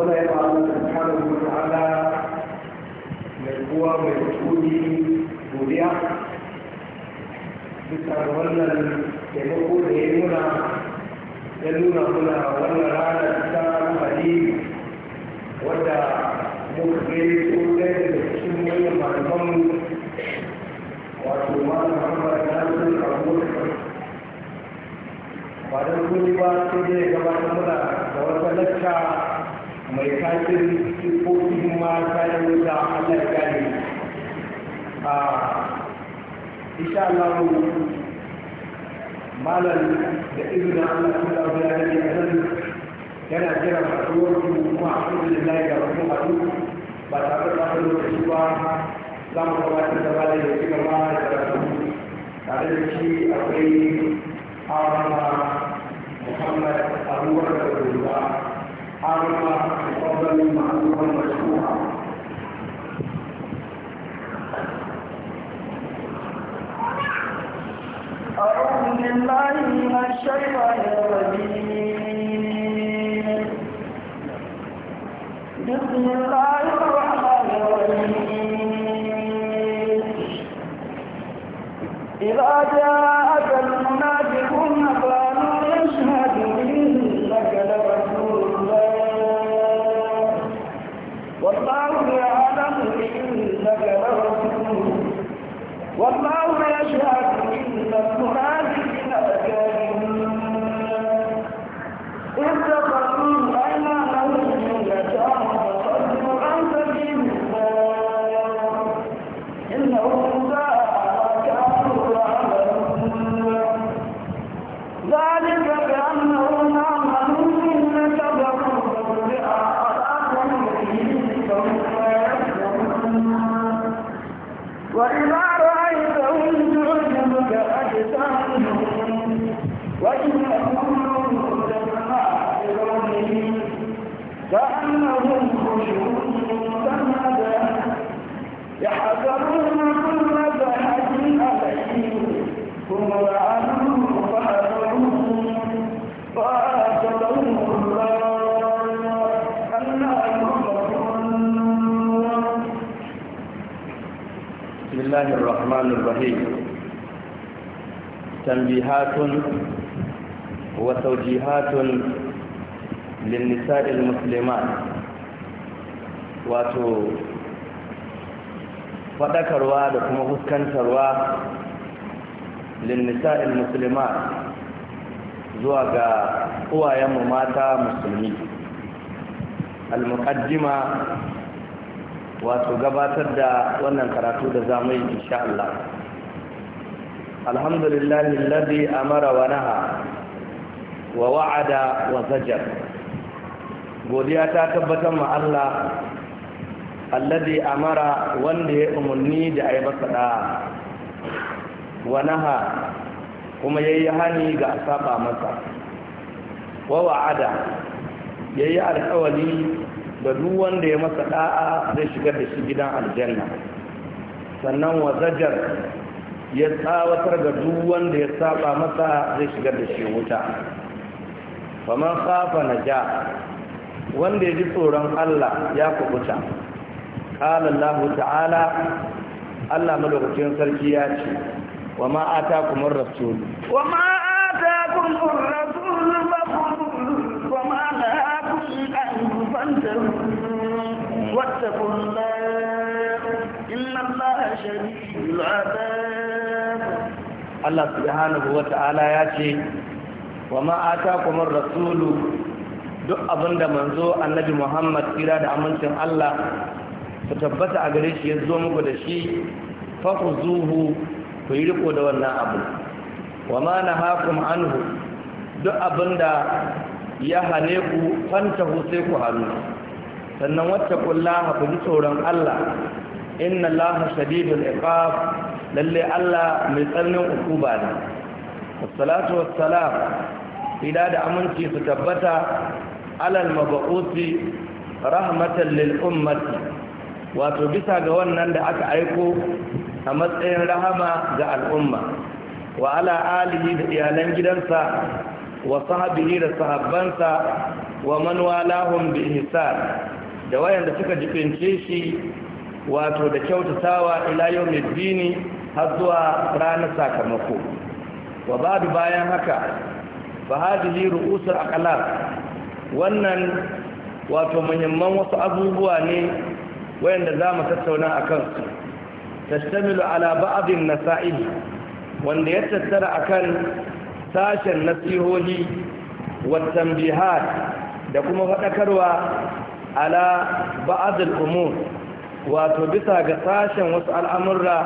muna yana Allah subhanahu wa ta'ala mai kuwa mai tuni godiya bisa ga wannan taimako da ya nuna ya nuna muna wannan ranar ta amfani wadda muka gani sun ɗaya daga cikin manyan malaman wato ma Muhammad Nasir Abubakar ba don kuma ba sai dai gabatar muna da wata lakka mai kashin sifofin mata da wuta a allah gani a isha Allah malar da izu da allah sun da wuta da ke nan yana jiran haɗuwar kuma a alhamdulillah da wasu hadu ba tare da ɗaukar lokaci ba za mu kama ta zama da ya cika gaba da karatu tare da shi akwai harama muhammad abubakar da عامة فضلا معلوما مشروعا أعوذ بالله من الشيطان الرجيم بسم الله الرحمن الرحيم إذا جاء muharramatun linnisa'il muslimat wato faɗakarwa da kuma fuskantarwa linnisa'il muslimat zuwa ga uwayenmu mata musulmi al-muqaddima wato gabatar da wannan karatu da zamai insha Allah alhamdulillahi alladhi a mara naha wa wa'ada wa zajar godiya ta tabbatar ma Allah alladhi amara wanda ya umarni da ayi masa da wa naha kuma yayi hani ga saba masa wa wa'ada yayi alƙawari da duk wanda ya masa da'a zai shigar da shi gidan aljanna sannan wa zajar ya tsawatar ga duk wanda ya saba masa zai shigar da shi wuta faman kafa na ja wanda ya ji tsoron Allah ya kubuta ƙalallahu ta'ala Allah malaukakin sarki ya ce wa ma'ata kumar rasulu wa ma'ata kuma rasulu ba kuma wa ma'ata kun an fanta wata kuma inna Allah shari'ul adab Allah subhanahu wa ta'ala ya ce wa ma atakumur rasulu duk abinda manzo annabi Muhammad kira da amincin Allah su tabbata a gare shi ya zo muku da shi fakuzuhu ku yi riko da wannan abu wa ma nahakum anhu duk abinda ya hane ku fantahu sai ku hannu sannan wacce kullaha ku ji tsoron Allah inna Allah shadidul iqab lalle Allah mai tsananin hukuma ne wassalatu wassalam ila da aminci su tabbata alal mabu'uti rahmatan lil ummati wato bisa ga wannan da aka aiko a matsayin rahama ga al'umma wa ala alihi da iyalan gidansa wa sahabihi da sahabbansa wa man walahum bi ihsan da wayanda suka jikince shi wato da kyautatawa ila yawmiddini har zuwa ranar sakamako wa bayan haka fa hadhihi ru'usul aqlam wannan wato muhimman wasu abubuwa ne wayanda zamu tattauna akan su tashtamilu ala ba'd an wanda ya tattara akan sashen nasihohi wa tambihat da kuma faɗakarwa ala ba'd al-umur wato bisa ga sashen wasu al'amurra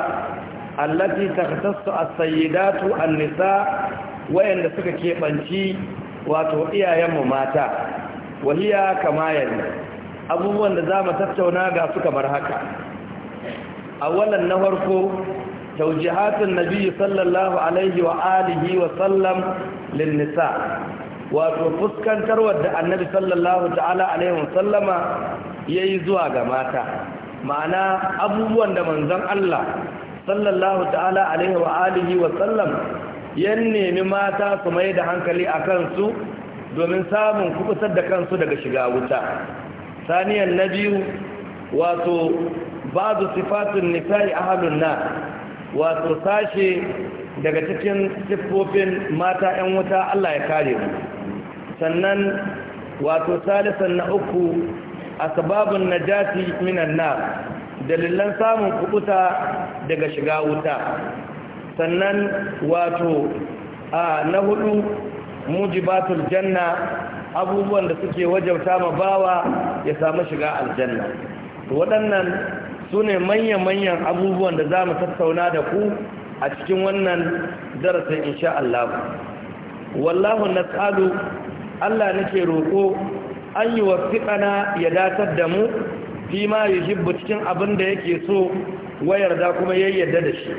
allati takhtassu as-sayyidatu an-nisa' wayanda suka keɓanci wato iyayenmu mata wahiya kama yanzu abubuwan da za mu tattauna ga su kamar haka A awalan na farko taujihatun nabi sallallahu alaihi wa alihi wa sallam linnisa, wato fuskantarwar da annabi sallallahu ta'ala alaihi wa sallama yi zuwa ga mata ma'ana abubuwan da manzon Allah sallallahu ta'ala alaihi wa alihi wa sallam yan nemi mata su mai da hankali a kansu domin samun kukusar da kansu daga shiga wuta saniyan na biyu wato ba su sifatun nisa'i ahalun na wato sashe daga cikin siffofin mata 'yan wuta Allah ya kare mu sannan wato salisan na uku a sababin na jati minan na dalilan samun kukuta daga shiga wuta sannan wato a na hudu mujibatul janna abubuwan da suke wajauta ma bawa ya samu shiga aljanna waɗannan su ne manya-manyan abubuwan da za mu tattauna da ku a cikin wannan darasin insha Allah wallahu nas'alu Allah nake roƙo an yi wasiƙana ya datar da mu fi ma yuhibbu cikin abin da yake so wayar da kuma yayyada da shi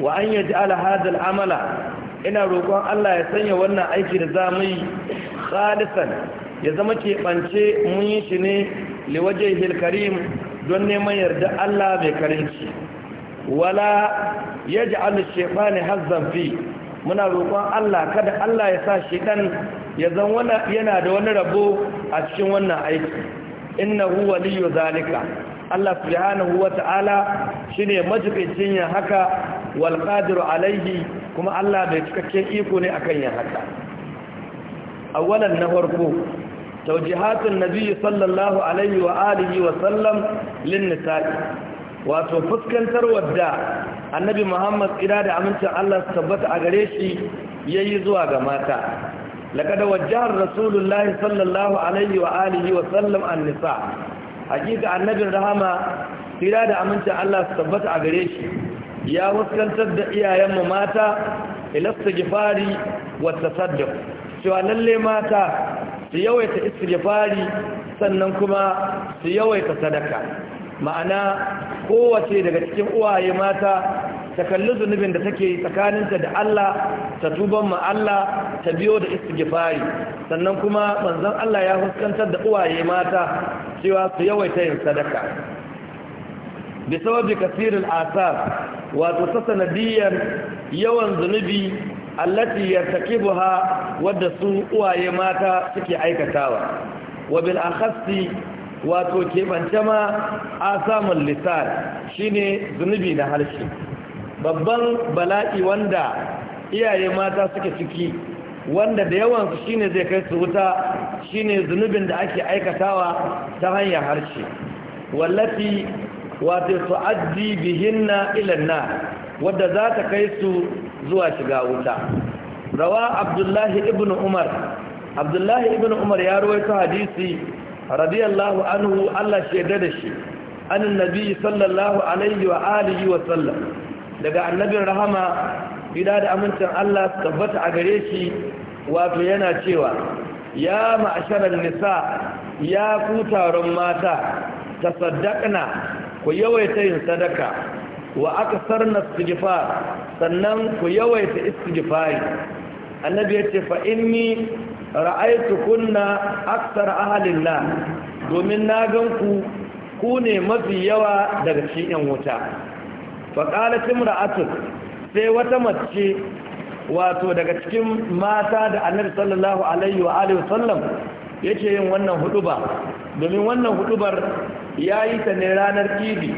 wa an yaj'ala hadha al-amala ina roƙon Allah ya sanya wannan aiki da zamu yi Salisan ya zama keɓance mun yi shi ne liwajen hilkarim don neman yarda Allah mai karinci wala ya ji alishefa ne fi muna roƙon Allah kada Allah ya sa shiɗan ya yana da wani rabo a cikin wannan aiki inna huwa liyu zalika Allah subhanahu wa ta'ala shine majibincin yin haka wal qadiru alaihi kuma Allah bai cikakken iko ne a akan yin haka awalan na farko tawjihatun nabi sallallahu alaihi wa alihi wa sallam lin nisa'i wato fuskantar wadda annabi Muhammad ira da amincin Allah su tabbata a gare shi yi zuwa ga mata لقد وجه رسول sallallahu alaihi الله عليه وآله وسلم النساء haƙiƙa annabin Rahama, tira da amincin Allah su tabbata a gare shi ya fuskantar da iyayenmu mata wata wata Su cewa lalle mata su yawaita istighfari sannan kuma su yawaita sadaka ma'ana kowace daga cikin uwaye mata ta kalli zunubin da take tsakaninta da Allah ta tuban ma Allah ta biyo da istighfari sannan kuma manzon Allah ya fuskantar da uwaye mata cewa su yawaita yin sadaka da kasirin asar wato ta sanadiyar yawan zunubi allati buha wadda su uwaye mata suke aikatawa wa bil wato kebance ma asamun lisan shine zunubi na harshe babban bala'i wanda iyaye mata suke ciki wanda da yawan su shine zai kai su wuta shine zunubin da ake aikatawa ta hanyar harshe wallati su tu'addi bihinna ilanna wadda za ta kai su zuwa shiga wuta rawa abdullahi ibn umar abdullahi ibn umar ya rawaito hadisi radiyallahu anhu Allah shaida da shi anin nabi sallallahu alaihi wa alihi wa sallam daga annabin rahama gida da amincin Allah tabbata a gare shi wato yana cewa ya ma'asharar nisa ya ku taron mata ta tasaddaqna ku yawaita yin sadaka wa aksar na sannan ku yawaita istighfari annabi yace fa inni ra'aytu kunna aksar ahalin nar domin na gan ku ku ne mafi yawa daga cikin yan wuta fa qalat imra'atu sai wata mace wato daga cikin mata da annabi sallallahu alaihi wa alihi wasallam yake yin wannan huduba domin wannan hudubar ya yi ta ne ranar kidi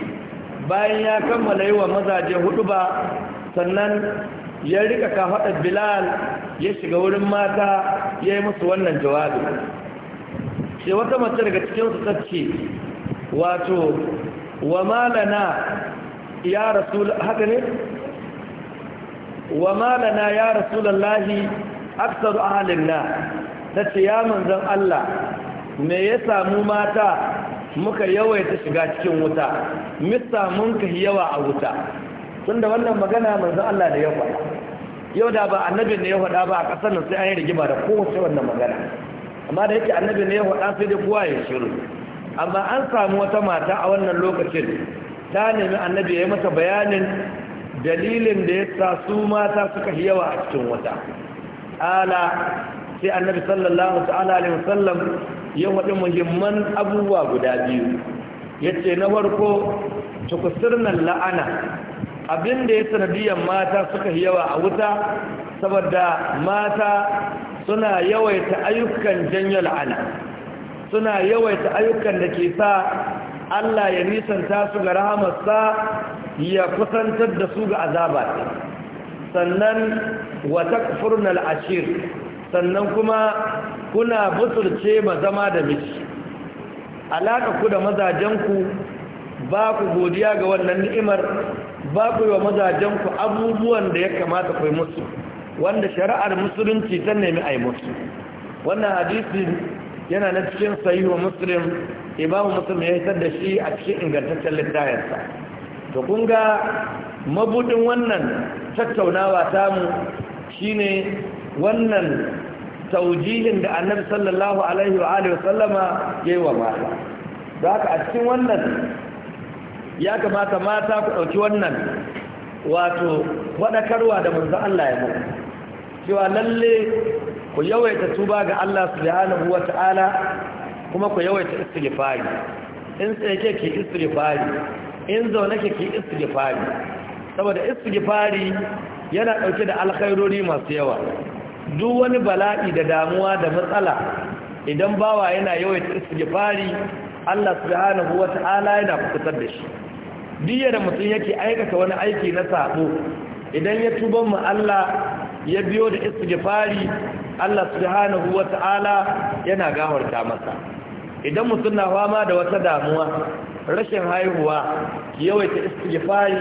bayan ya kammala yi wa mazaje hudu ba sannan ya rika kafaɗar bilal ya shiga wurin mata ya yi musu wannan jawabi sai wata mace daga cikinsu ta wato wa malana ya rasu haka ne wa malana ya rasulallahi aksaru ahalin na ta ce ya manzan Allah me ya samu mata muka yawaita shiga cikin wuta mista mun ka yawa a wuta tunda wannan magana manzo Allah da ya faɗa yau da ba annabin da ya faɗa ba a ƙasar nan sai an yi rigima da kowace wannan magana amma da yake annabi ne ya faɗa sai dai kowa ya shiru amma an samu wata mata a wannan lokacin ta nemi annabi ya yi mata bayanin dalilin da ya sa su mata suka yawa a cikin wata ala sai annabi sallallahu ta'ala alaihi wasallam ya waɗi muhimman abubuwa guda biyu ya ce na farko tukusirnan la'ana Abin da ya sanadiyar mata suka yi yawa a wuta saboda mata suna yawaita ayyukan janyo la'ana suna yawaita ayyukan da ke sa Allah ya nisanta su ga rahamarsa ya kusantar da su ga azaba sannan wata furnal ashir sannan kuma kuna buturce ma zama da miji alaka ku da mazajenku ba ku godiya ga wannan ni'imar ba ku yi wa mazajenku abubuwan da ya kamata ku musu wanda shari'ar musulunci ta nemi a yi musu wannan hadisi yana na cikin wa musulun imamu musulun ya hitar da shi a cikin ingantaccen littayensa to kun ga mabudin wannan tattaunawa tamu shine wannan taujihin da annabi sallallahu alaihi wa alihi wasallama yi wa mata da haka a cikin wannan ya kamata mata ku ɗauki wannan wato wadakarwa da manzo Allah ya muku cewa lalle ku yawaita tuba ga Allah subhanahu ta'ala kuma ku yawaita istighfari in ke ki istighfari in zaune ke ki istighfari saboda istighfari yana ɗauke da alkhairori masu yawa duk wani bala'i da damuwa da matsala idan bawa yana yawaita istighfari Allah subhanahu wata'ala yana kusantar da shi diya da mutum yake aikata wani aiki na sabo idan ya tuban mu Allah ya biyo da istighfari Allah subhanahu wata'ala yana gafarta masa idan mutum na fama da wata damuwa rashin haihuwa ki yawaita istighfari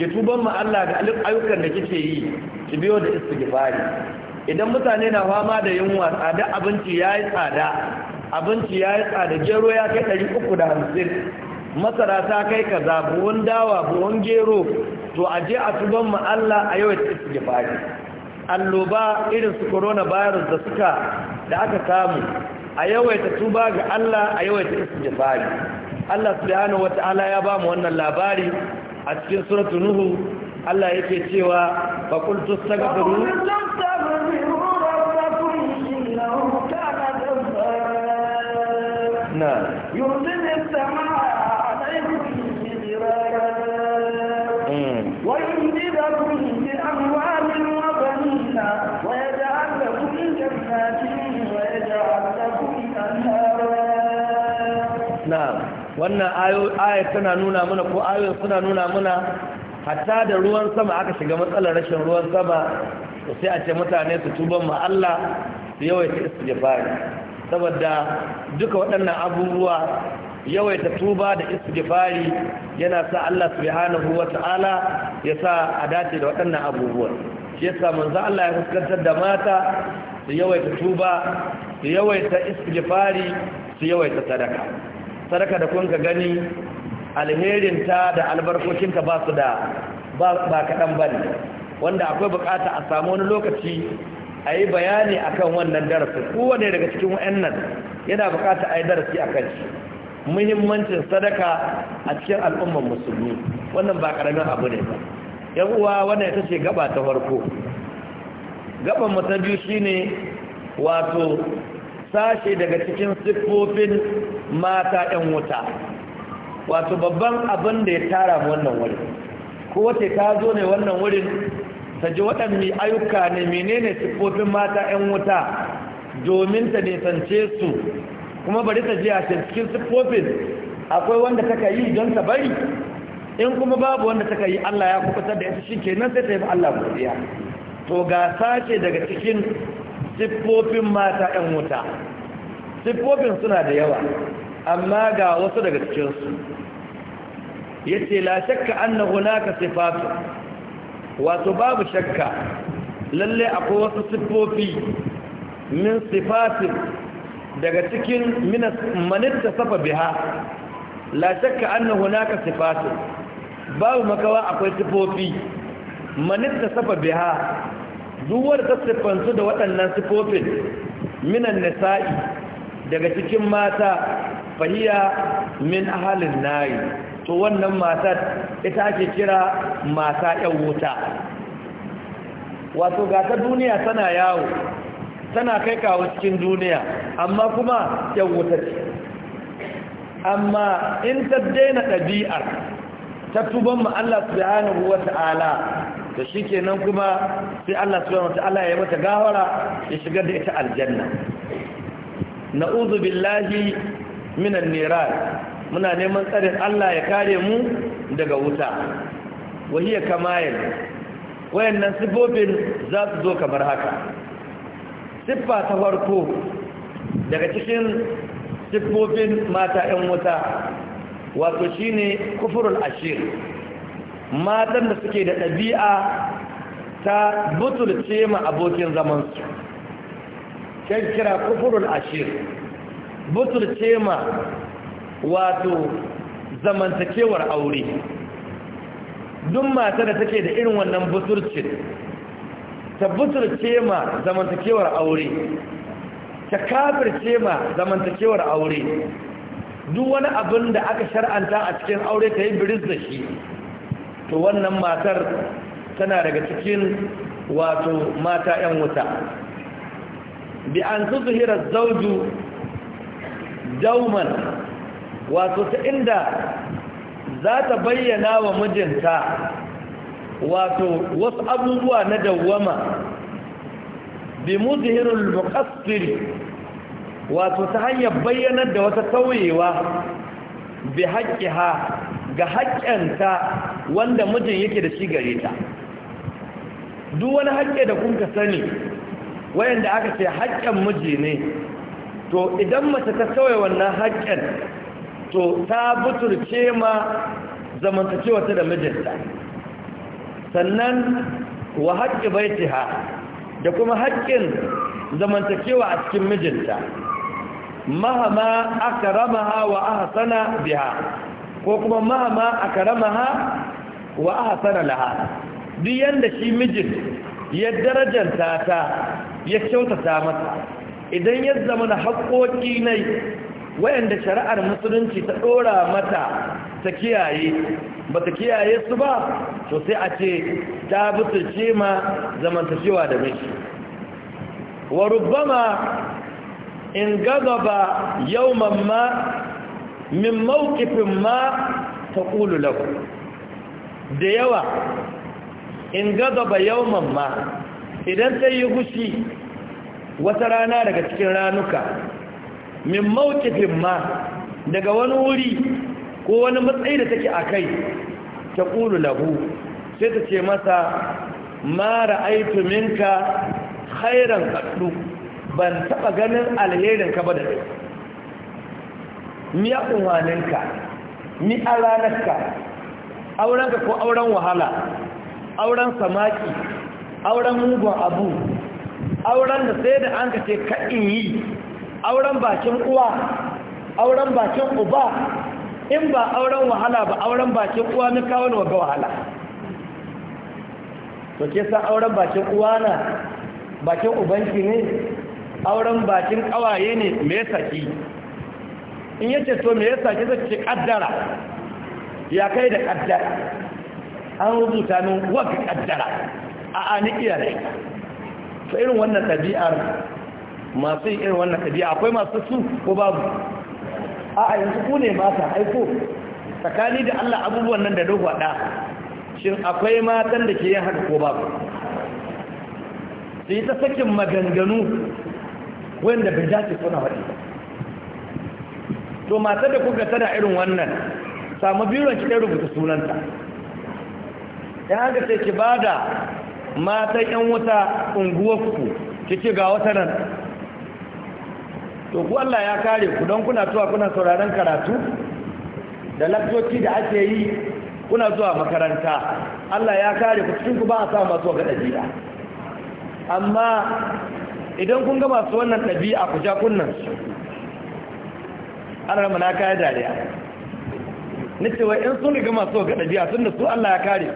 ki tuban mu Allah ga ayyukan da kike yi ki biyo da istighfari idan mutane na fama da yunwa tsada abinci ya yi tsada abinci ya yi tsada gero ya kai ɗari uku da hamsin masara ta kai kaza buhun dawa buwan gero to a je a tuban ma'alla Allah a yau ta isi alloba irin su coronavirus da suka da aka samu a yawaita tuba ga Allah a yawaita istighfari Allah subhanahu wataala ya bamu wannan labari a cikin suratul nuhu Allah yake cewa fa qultu astaghfiru نعم يرسل السماء عليكم مدرارا ويمددكم بأموال وبنين ويجعل لكم جنات ويجعل لكم أنهارا نعم wannan tana nuna mana ko ayoyin suna nuna mana hatta da ruwan sama aka shiga matsalar rashin ruwan sama sai a ce mutane su tuban ma Allah su yawaita istighfar saboda duka waɗannan abubuwa yawaita tuba da istighfari yana sa Allah subhanahu ta'ala ya sa a dace da waɗannan abubuwa shi yasa manzo Allah ya fuskantar da mata su yawaita tuba su yawaita istighfari su yawaita sadaka sadaka da kun ka gani alherinta da albarkokinta ba su da ba kaɗan ba wanda akwai bukata a samu wani lokaci a yi bayani a kan wannan darasi kowane daga cikin nan yana bukata a yi darasi a kan shi muhimmancin sadaka a cikin al'ummar musulmi wannan ba karamin abu ne ba yan uwa wannan ita ce gaba ta farko gaban mu ta biyu shine wato sashe daga cikin siffofin mata 'yan wuta wato babban abin da ya tara wannan wurin ko wace ta zo ne wannan wurin ta ji waɗanne ayyuka ne menene siffofin mata 'yan wuta domin ta nisance su kuma bari ta je a cikin siffofin akwai wanda taka yi don ta bari in kuma babu wanda taka yi Allah ya kubutar da ita shi kenan sai ta yi Allah godiya to ga sace daga cikin siffofin mata 'yan wuta siffofin suna da yawa amma ga wasu daga cikinsu ya ce la shakka annahu naka hunaka wato babu shakka lalle akwai wasu siffofi min sifatin daga cikin manitta safa biha la shakka anna hunaka sifatin babu makawa akwai siffofi manitta safa biha duwar ta siffansu da waɗannan siffofin minan nisa'i daga cikin mata fahiya min ahalin nayi to wannan matar ita ake kira mata yan wuta wato ga ta duniya tana yawo tana kai kawo cikin duniya amma kuma yan wuta ce amma in ta daina ɗabi'ar ta tuban ma Allah da shi ke nan kuma sai Allah yana ta'ala ya mata gawara ya shiga da ita aljanna na'udhu billahi minan nera muna neman tsarin Allah ya kare mu daga wuta wahiya kamayil wayannan sifofin za su zo kamar haka siffa ta farko daga cikin siffofin mata 'yan wuta wato shine kufurul ashir matan da suke da ɗabi'a ta butulce ma abokin zamansu kan kira kufurul ashir butulce ma wato zamantakewar aure duk mata da take da irin wannan buturci ta buturce ma zamantakewar aure ta kafirce ma zamantakewar aure duk wani abin da aka shar'anta a cikin aure ta yi biris da shi to wannan matar tana daga cikin wato mata 'yan wuta bi an su zuhirar zauju dauman wato ta inda za ta bayyana wa mijinta wato wasu abubuwa na dawwama bi muzhirul muqassir wato ta hanyar bayyanar da wata tauyewa bi haqqiha ga haƙƙanta wanda mijin yake da shi gare ta duk wani haƙƙe da kun ka sani wayanda aka ce haƙƙan miji ne to idan mace ta sauya wannan haƙƙin to ta buturce ma zamantacewa ta da mijinta sannan wa haƙƙi baitiha da kuma haƙƙin zamantakewa a cikin mijinta mahama aka ramaha wa hasana biha ko kuma mahama aka ramaha wa hasana laha duk yanda shi mijin ya darajanta ta ya kyautata mata idan ya zama na haƙoƙi ne wayanda shari'ar musulunci ta dora mata ta kiyaye ba ta kiyaye su ba to sai a ce ta butulce ma zamantashewa da miji wa rubbama in gazaba yawman ma min mawqifin ma ƙulu lahu da yawa in gazaba yawman ma idan ta yi gushi wata rana daga cikin ranuka min mawqifin ma daga wani wuri ko wani matsayi da take akai ta qulu lahu sai ta ce masa ma ra'aytu minka khairan qaddu ban taba ganin alherin ka ba da dai mi ya mi alanarka aurenka ko auren wahala auren samaki auren mugun abu auren da sai da an ka in yi auren bakin uwa auren bakin uba in ba auren wahala ba auren bakin uwa na kawo na waga wahala to ke san auren bakin uwa na bakin ubanki ne auren bakin kawaye ne me saki in yace to me yasa ki zaki kaddara ya kai da kaddara an rubuta min wa kaddara a aniki da ita Fa irin wannan tabi'ar masu irin wannan ɗabi'a akwai masu su ko babu a yanzu ku ne mata aiko tsakani da Allah abubuwan nan da dogo da shin akwai matan da ke yin haka ko babu sai ta sakin maganganu wanda bai dace suna wadi to matar da kuka tana irin wannan samu biron ki ɗan rubuta sunanta dan haka sai ki bada matan 'yan wuta unguwarku ki ce ga wata nan to ku Allah ya kare ku don kuna zuwa kuna sauraron karatu da lakcoci da ake yi kuna zuwa makaranta Allah ya kare ku cikin ku ba a samu masu ga ɗabi'a amma idan kun ga masu wannan ɗabi'a ku ja kunnan su an rama na kayan dariya na cewa in sun riga masu ga ɗabi'a sun da su Allah ya kare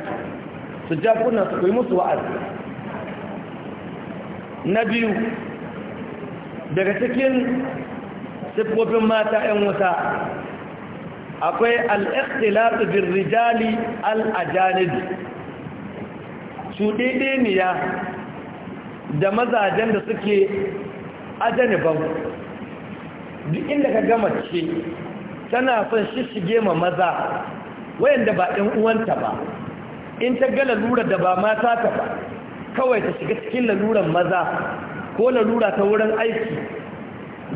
su ja kunnan su ku yi musu wa'azi na biyu daga cikin siffofin mata 'yan wuta akwai al'ikhtilatu bin rijali al'ajanibi su ɗiɗiniya da mazajen da suke ajaniban duk inda ka gama ce tana son shishige ma maza wayanda ba ɗin uwanta ba in ta ga lalura da ba mata ta ba kawai ta shiga cikin laluran maza ko larura ta wurin aiki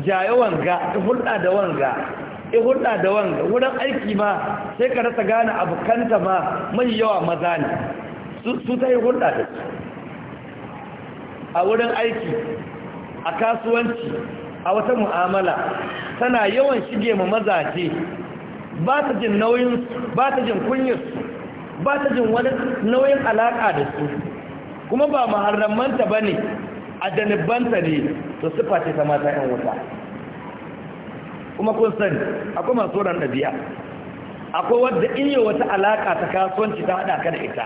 jaya wanga hulɗa da wanga ya hulɗa da wanga wurin aiki ma sai ka rasa gane abokanta ma mai yawa maza ne su ta yi hulɗa da su a wurin aiki a kasuwanci a wata mu'amala tana yawan shige ma mazaje ba ta jin nauyin ba ta jin kunyar ba ta jin wani nauyin alaƙa da su kuma ba maharramanta ba ne a janibanta ne to sifa ce ta mata yan wuta kuma kun sani akwai masu wannan ɗabi'a akwai wadda in yi wata alaƙa ta kasuwanci ta haɗa ka da ita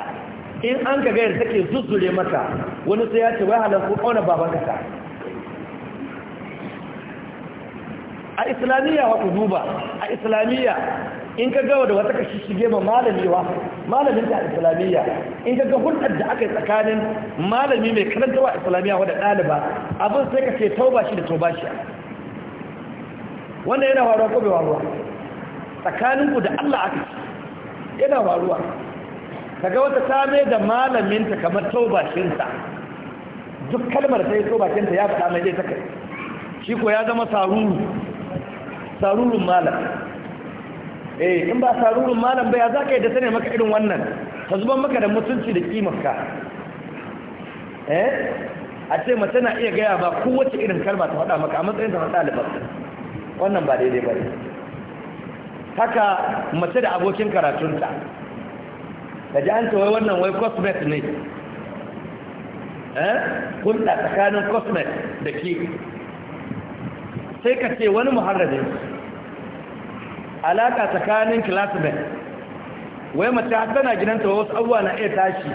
in an ka gayar take zuzzure mata wani sai ya ce wai halar ko ƙauna baban ka ta a islamiyya wata duba a islamiyya in ka gawa da wata ka shige ma malamewa malamin da islamiyya in ka ga hulɗar da aka yi tsakanin malami mai karantarwa islamiyya wadda ɗaliba abin sai ka ce tauba shi da tauba shi wannan yana waruwa ko bai waruwa tsakaninku da Allah aka ci yana waruwa ga wata same da malaminta kamar taubashinsa duk kalmar sai taubakinta ya faɗa mai zai ta kai shi ko ya zama saruru sarurun malam eh in ba sarurin malam baya, za ka yi da sane maka irin wannan ta zuban maka da mutunci da kimarka eh a ce mace na iya gaya ba kowace irin kalma ta faɗa maka a matsayin ta faɗa libar wannan ba daidai ba ne haka mace da abokin karatunta da ji an wai wannan wai cosmet ne eh hulɗa tsakanin cosmet da ke sai ka ce wani muharrabin alaka tsakanin classmate wai mace tana gidanta wasu abuwa na iya tashi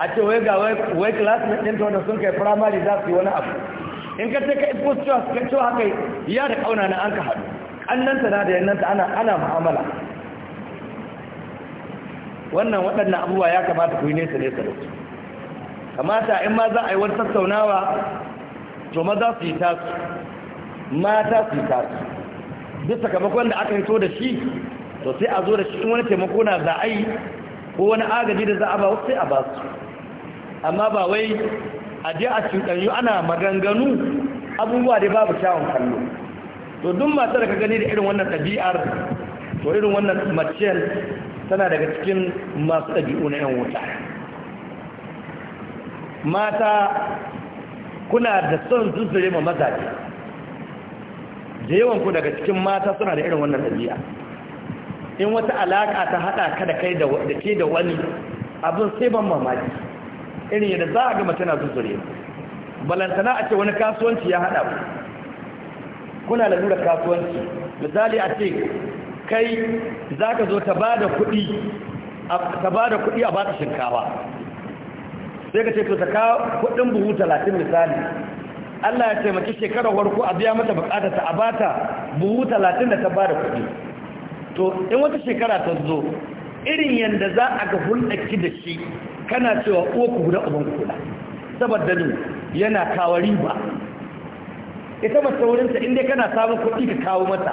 a ce wai ga wai classmate ɗinta wanda sun kai primary za su yi wani abu in ka ce ka cewa ka cewa haka ya da kauna na an ka haɗu ƙannanta na da yannanta ana ana mu'amala wannan waɗannan abubuwa ya kamata ku yi nesa nesa da su kamata in ma za a yi wani sassaunawa, to maza su yi tasu mata su yi tasu duk sakamakon da aka hito da shi to sai a zo da shi wani taimako na za a yi ko wani agaji da za a ba sai a ba su amma ba wai a je a cuɗanyu ana maganganu abubuwa da babu kyawun kallo to duk masu da ka gani da irin wannan ɗabi'ar to irin wannan maciyar tana daga cikin masu ɗabi'u na 'yan wuta mata kuna da son zuzure ma mazaje da yawan ku daga cikin mata suna da irin wannan ɗabi'a in wata alaka ta haɗa ka da kai da ke da wani abin sai ban mamaki irin yadda za a ga mace na zuzure balantana a ce wani kasuwanci ya haɗa ku kuna lalura kasuwanci misali a ce kai za ka zo ta ba da kuɗi a ba ta shinkawa sai ka ce to ta kawo kuɗin buhu talatin misali Allah ya taimaki shekarar warko a biya mata bukata ta abata buhu talatin da ta bada kuɗi to in wata shekara ta zo irin yadda za a ga hulɗaki da shi kana cewa ku guda uban kula saboda ne yana kawo riba ita mata wurinta inda kana samun kuɗi ka kawo mata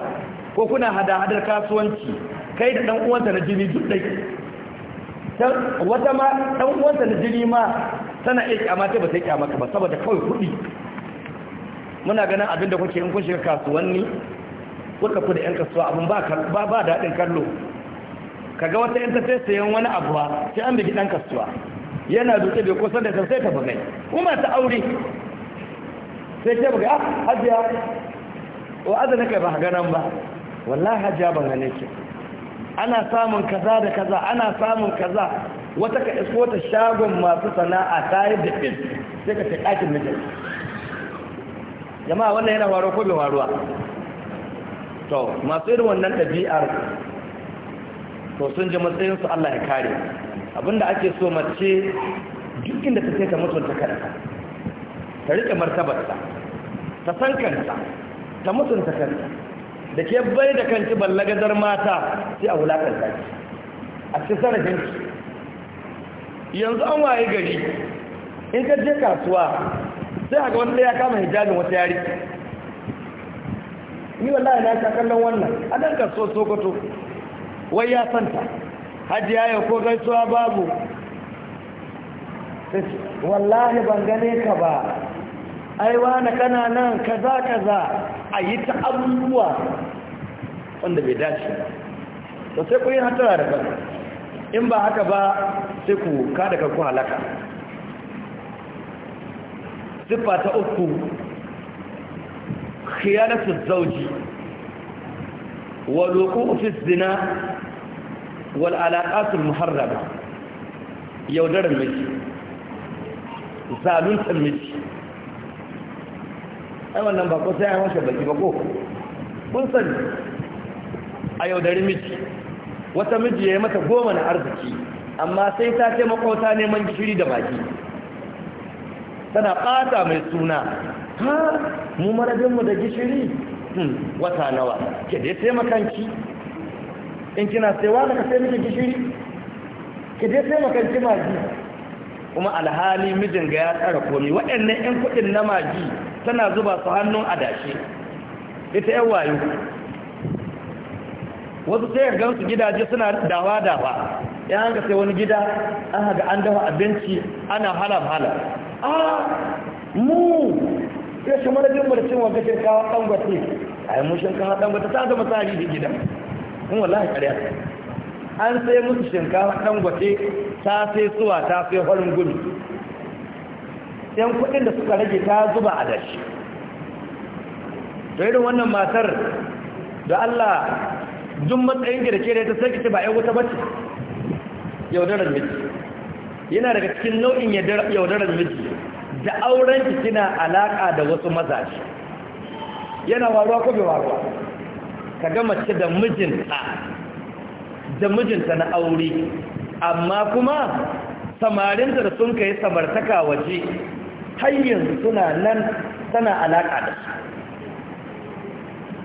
ko kuna hada-hadar kasuwanci kai da ɗan uwanta na jini duk wata ma ɗan uwanta na jini ma tana iya kyamata ba ta kyamata ba saboda kawai kuɗi muna ganin abin da kuke in kun shiga kasuwanni kuka ku da yan kasuwa abin ba ba daɗin kallo kaga wata yan sai sayan wani abu ba sai an bigi ɗan kasuwa yana dutse bai kusa da sai ta bugai kuma ta aure sai ta bugai ah hajiya wa azana kai ba nan ba wallahi hajiya ban gane ki ana samun kaza da kaza ana samun kaza wata ka iskota ta shagon masu sana'a ta yi da sai ka ta ɗakin mijin jama'a wannan yana faruwa ko bai faruwa to masu irin wannan ɗabi'ar to sun ji matsayinsu Allah ya kare abinda ake so mace dukkan da ta ta mutunta kanta ta rike martabar ta san kanta ta mutunta kanta da ke bai da kanci ballagazar mata sai a wulakanta ki a cikin sarrafin yanzu an waye gari in ka je kasuwa sai haka wani ya kama hijabin wata yari ni wallahi na ta kallon wannan a dan kaso sokoto wai ya santa hajiya ya ko gaisuwa babu wallahi ban gane ka ba aiwa na kana nan kaza kaza a yi ta abubuwa wanda bai dace to sai ku yi hatara da kan in ba haka ba sai ku kada kanku halaka siffa ta uku khiyanatu zauji waluku fi zina wal alaqatul muharrama yaudarar miji zaluntar miji ai wannan ba ko sai an washe baki ba ko kun sani a yaudarin miji wata miji ya yi mata goma na arziki amma sai ta ce makota neman gishiri da baki tana ɓata mai suna ha mu marabinmu da gishiri hmm, wata nawa ke dai taimakanci in kina saiwa da ka sai miki gishiri ke dai taimakanci maji kuma alhali mijin ga ya tsara komi waɗannan 'yan kuɗin na maji tana zuba su hannun adashi ita 'yan wayo wasu sai ga su gidaje suna dawa-dawa ya hanga sai wani gida an haga an dawa abinci ana halam-halam a mu ya shi mana jin barcin wanda shirkawa dangote a yi mun shinkawa dangote ta zama tsari da gidan in wallahi ƙarya an sai musu shinkafa shinkawa dangote ta sai suwa ta sai horin gumi yan kuɗin da suka rage ta zuba a dashi to irin wannan matar da Allah duk matsayin da ke da ta sai ce ba ai wata bace yaudarar miki yana daga cikin nau'in yaudarar miji da auren kina alaka da wasu mazaje yana waruwa ko bai waruwa ka ga mace da mijinta da mijinta na aure amma kuma samarin da sun kai samartaka waje hayyin suna nan tana alaka da su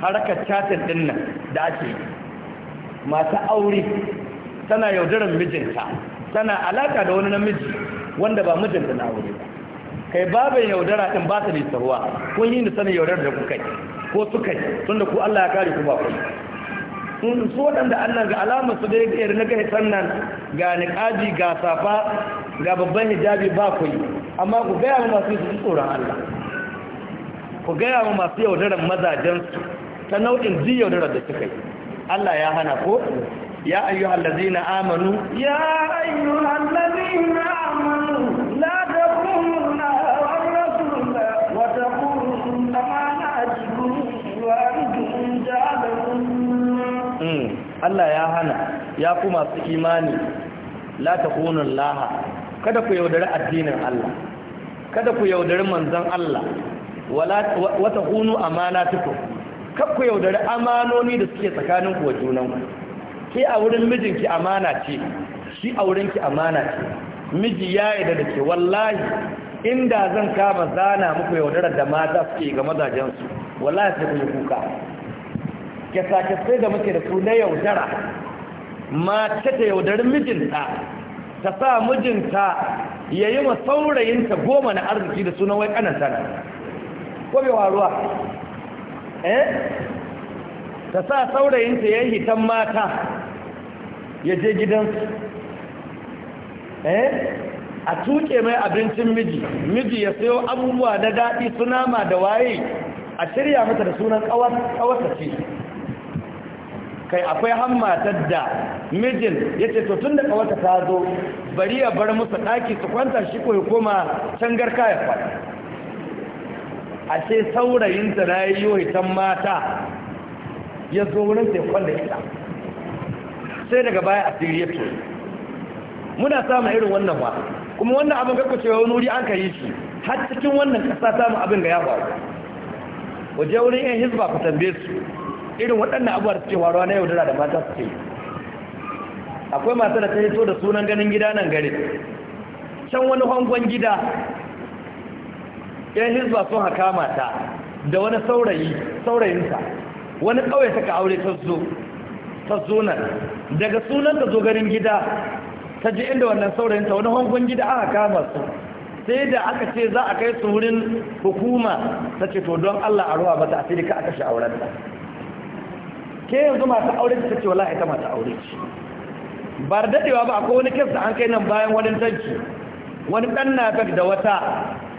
harkar chatin din nan da ake Masu aure tana yaudarar mijinta tana alaka da wani namiji wanda ba mijinta na aure ba kai babin yaudara din ba ta nisa ruwa kun yi da sanin yaudar da kuka ko su kai tun da ku Allah ya kare ku ba ku sun su waɗanda Allah ga alamar su dai irin na kai sannan ga niqabi ga safa ga babban hijabi ba ku yi amma ku gaya mu masu su tsoron Allah ku gaya mu masu yaudaran mazajen su ta nau'in ji yaudarar da suka yi Allah ya hana ko يا ايها الذين امنوا يا ايها الذين امنوا لا تكونون والرسول وتقولوا كما نعجبون وأنتم تعلمون الله يا هنا يا كما لا الله kada ku yaudari addinin Allah kada ku yaudari manzan Allah wala wata amana tukun. kada ku yaudari amanoni da suke tsakaninku wa junanku ke a wurin mijinki amana ce shi a wurinki amana ce miji ya yarda da ke wallahi inda zan kama zana muku yaudarar da mata suke ga mazajensu wallahi sai kun kuka kyasa-kyasai da muke da su na yaudara mace ta yaudarin mijinta ta sa mijinta ya yi ma saurayinta goma na arziki da sunan wai kananta ko bai waruwa eh ta sa saurayinta ya yi hitan mata ya je gidansu eh? a tuke mai abincin miji miji ya sayo abubuwa na daɗi sunama da waye a shirya mata da sunan ƙawata ce kai akwai hammatar da mijin ya ce to tun da ƙawata ta zo bari ya bar musu ɗaki su kwanta shi ko ya koma can garka ya faɗi a ce saurayinta na yi hitan mata ya zo wurin sai da ita sai daga baya a siriya ce. muna samun irin wannan ba kuma wannan abin kakwa cewa wani wuri an ka yi shi har cikin wannan kasa samun abin ga ya faru waje wurin yan hizba ku tambaye su irin waɗannan abuwa da suke faruwa na yaudara da mata suke akwai masu da ta hito da sunan ganin gida nan gare can wani hangon gida yan hizba sun haka mata da wani saurayi saurayinsa wani kawai ka aure ta zo daga sunan ta zo gida ta ji inda wannan saurayin wani hangon gida aka kama su sai da aka ce za a kai su wurin hukuma ta ce to don Allah a ruwa mata asiri ka aka sha'aurar ta ke yanzu masu aure ta ce wala ita masu aure ce ba da daɗewa ba akwai wani kesa an kai nan bayan wani tanki wani ɗan nafek da wata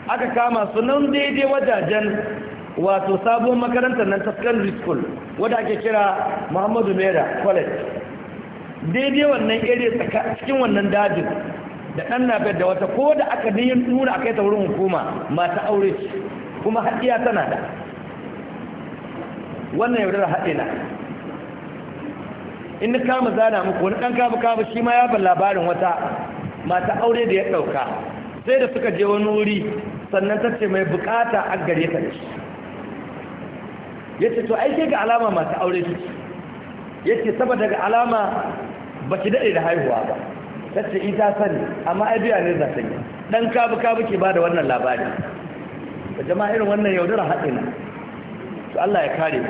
aka kama su nan daidai wajajen wato sabon makarantar nan ta secondary school wadda ake kira muhammadu mera college daidai wannan area cikin wannan dajin da ɗan nafiyar da wata ko da aka niyin nuna a ta wurin hukuma mata aure ce kuma haɗiya tana da wannan yaudarar haɗe na inda kama zana muku wani ɗan kama kama shi ma ya ban labarin wata mata aure da ya ɗauka sai da suka je wani wuri sannan ta ce mai bukata a gare ta da yace to ai ga alama masu aure Ya yace saboda ga alama baki daɗe da haihuwa ba tace ita sani amma ai biya ne za yi dan kabu kabu ke bada wannan labari da jama'a irin wannan yaudara haɗin to Allah ya kare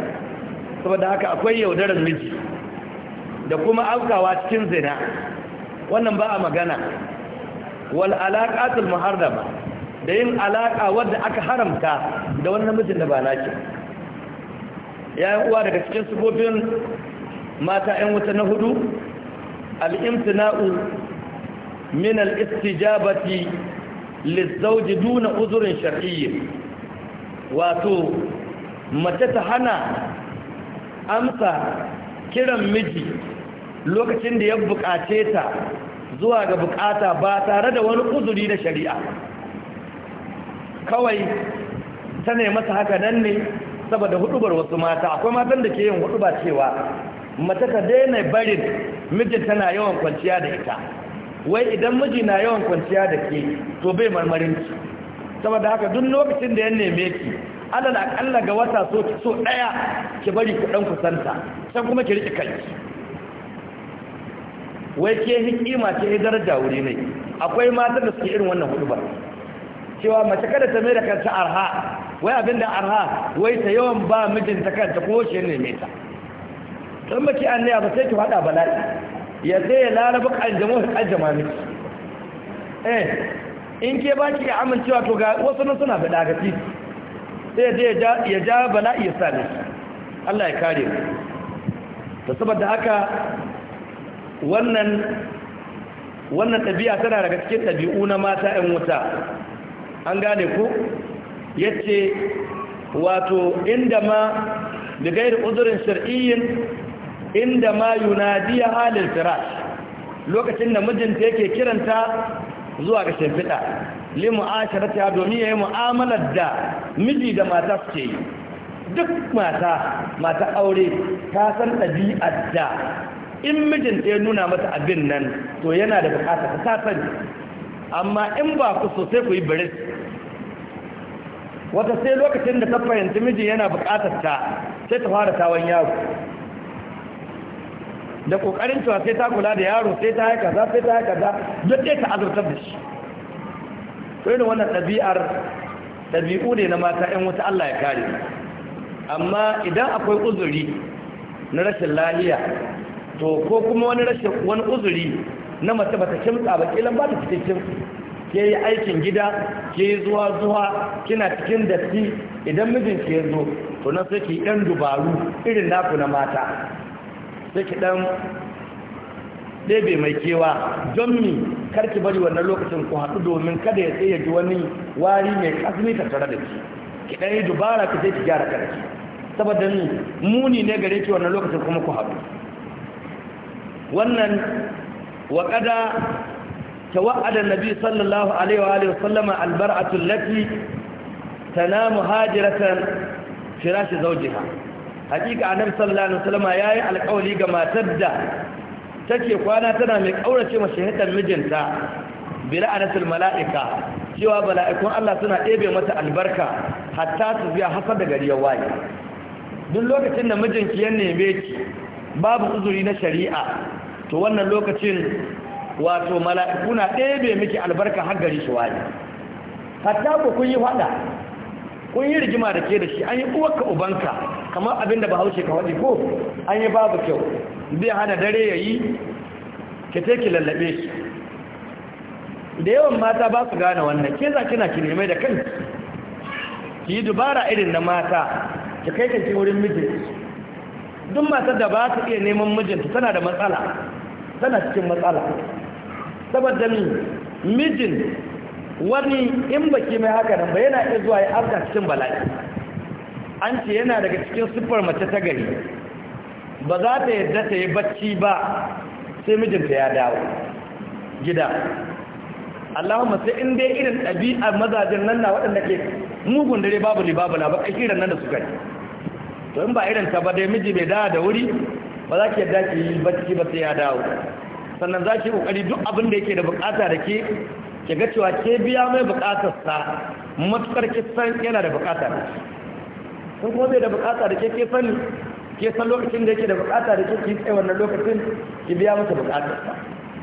saboda haka akwai yaudarar miji da kuma aukawa cikin zina wannan ba a magana wal alaqatul muharrama da yin alaka wadda aka haramta da wannan mijin da ba naki yayin uwa daga cikin sufofin mata 'yan wuta na hudu al'imtina'u min al'istijabati Lissauji, duna uzurin shar'iyyi wato mace ta hana amsa kiran miji lokacin da ya bukace ta zuwa ga bukata ba tare da wani uzuri da shari'a kawai ta ne masa haka nan ne saboda hudubar wasu mata akwai matan da ke yin huduba cewa mace ta daina barin mijin tana yawan kwanciya da ita wai idan miji na yawan kwanciya da ke to bai marmarin ki saboda haka duk lokacin da ya neme ki alal akalla ga wata so so daya ki bari ku dan kusanta sai kuma ki rike kanki wai ke hikima ce daraja wuri ne akwai matan da suke irin wannan hudubar cewa mace kada ta mai da kanta arha wai abin da arha wai ta yawan ba mijinta kanta ko shi mai ta don baki an ne ba sai ki hada bala'i ya sai ya laraba kanjamo ka kanjama miki eh in ke ba ki amincewa to ga wasu nan suna bada ga sai ya ja ya ja bala'i ya same Allah ya kare mu to saboda haka wannan wannan tabi'a tana daga cikin tabi'u na mata 'yan wuta an gane ku yace wato inda ma da gairu uzurin shar'iyyin inda ma yunadiya halin firash lokacin da mijinta yake kiranta zuwa ga shimfiɗa limu asharata domin ya yi mu'amalar da miji da mata suke yi duk mata mata aure ta san ɗabi'ar da in mijinta ya nuna mata abin nan to yana da bukata ta sani amma in ba ku sosai ku yi baris wata sai lokacin da ta fahimci miji yana buƙatar ta sai ta fara tawon yaro da ƙoƙarin cewa sai ta kula da yaro sai ta haika za sai ta haika za duk ta azurtar da shi sai da wannan ɗabi'ar ɗabi'u ne na mata ‘yan wata Allah ya kare amma idan akwai uzuri na rashin lahiya to ko kuma wani rashin wani uzuri na mace bata kimtsa ba kilan ba ta fitin kimtsa ke yi aikin gida ke yi zuwa zuwa kina cikin datti idan mijin ke zo to na sai ki ɗan dubaru irin naku na mata sai ɗan ɗebe mai kewa don mi karki bari wannan lokacin ku haɗu domin kada ya tsaye ji wani wari mai ƙasmi ta tare da ki ki ɗan yi dubara ki sai ki gyara karki saboda ni muni ne gare ki wannan lokacin kuma ku haɗu wannan wa kada توعد النبي صلى الله عليه وآله وسلم البرعة التي تنام هاجرة فراش زوجها حقيقة النبي صلى الله عليه وسلم ياي على قولي كما تبدأ تكي قوانا تنامك أولا شيء مشيهتا مجنتا برأنة الملائكة cewa bala'ikun Allah suna ɗebe mata albarka hatta su biya hasa da gari ya waye duk lokacin da mijinki ya neme ki babu uzuri na shari'a to wannan lokacin wato mala'iku na ɗebe miki albarka har gari su wani hatta ku kun yi faɗa kun yi rigima da ke da shi an yi uwarka ubanka kamar abin da bahaushe ka waɗi ko an yi babu kyau zai hana dare ya yi ke ki lallaɓe shi da yawan mata ba su gane wannan ke za kina ki nemai da kanki ki yi dubara irin na mata ki kai ki wurin mijin duk matar da ba su iya neman mijinta tana da matsala tana cikin matsala saboda mi mijin wani in baki mai haka nan ba yana iya zuwa ya arka cikin bala'i an ce yana daga cikin siffar mace ta gari ba za ta yadda ta yi bacci ba sai mijinta ya dawo gida Allahumma sai in dai irin ɗabi'ar mazajen nan na waɗanda ke mugun dare babu ne na ba ƙashirar nan da suka yi to in ba irin ta ba dai miji bai dawo da wuri ba za ki yadda ki yi bacci ba sai ya dawo sannan za ki kokari duk abin da yake da bukata da ke ki ga cewa ke biya mai bukatar sa matukar ki san yana da bukata da kun kuma bai da bukata da ke ke san ke san lokacin da yake da bukata da ke ki tsaye wannan lokacin ki biya masa bukatar sa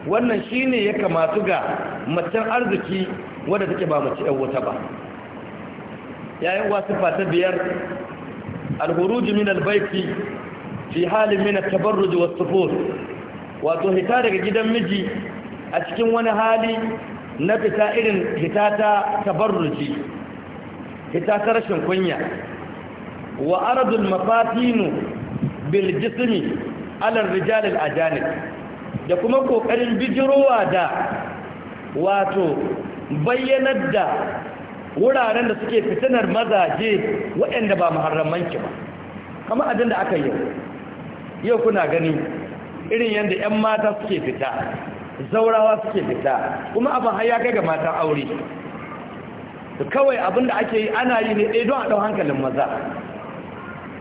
wannan shine ya kamatu ga macen arziki wadda take ba mace yan wuta ba yayin uwa fata ta biyar huruj min al-bayt fi halin min tabarruji wa was wato hita daga gidan miji a cikin wani hali na fita irin hita ta tabarruji hita ta rashin kunya wa aradul mafatinu bil jismi ala rijal ajanib da kuma kokarin bijirowa da wato bayyanar da wuraren da suke fitinar mazaje waɗanda ba muharramanki ba kamar abin da aka yi yau kuna gani irin yadda 'yan mata suke fita zaurawa suke fita kuma abin haya kai ga matan aure kawai abinda ake yi ana yi ne ɗai don a ɗau hankalin maza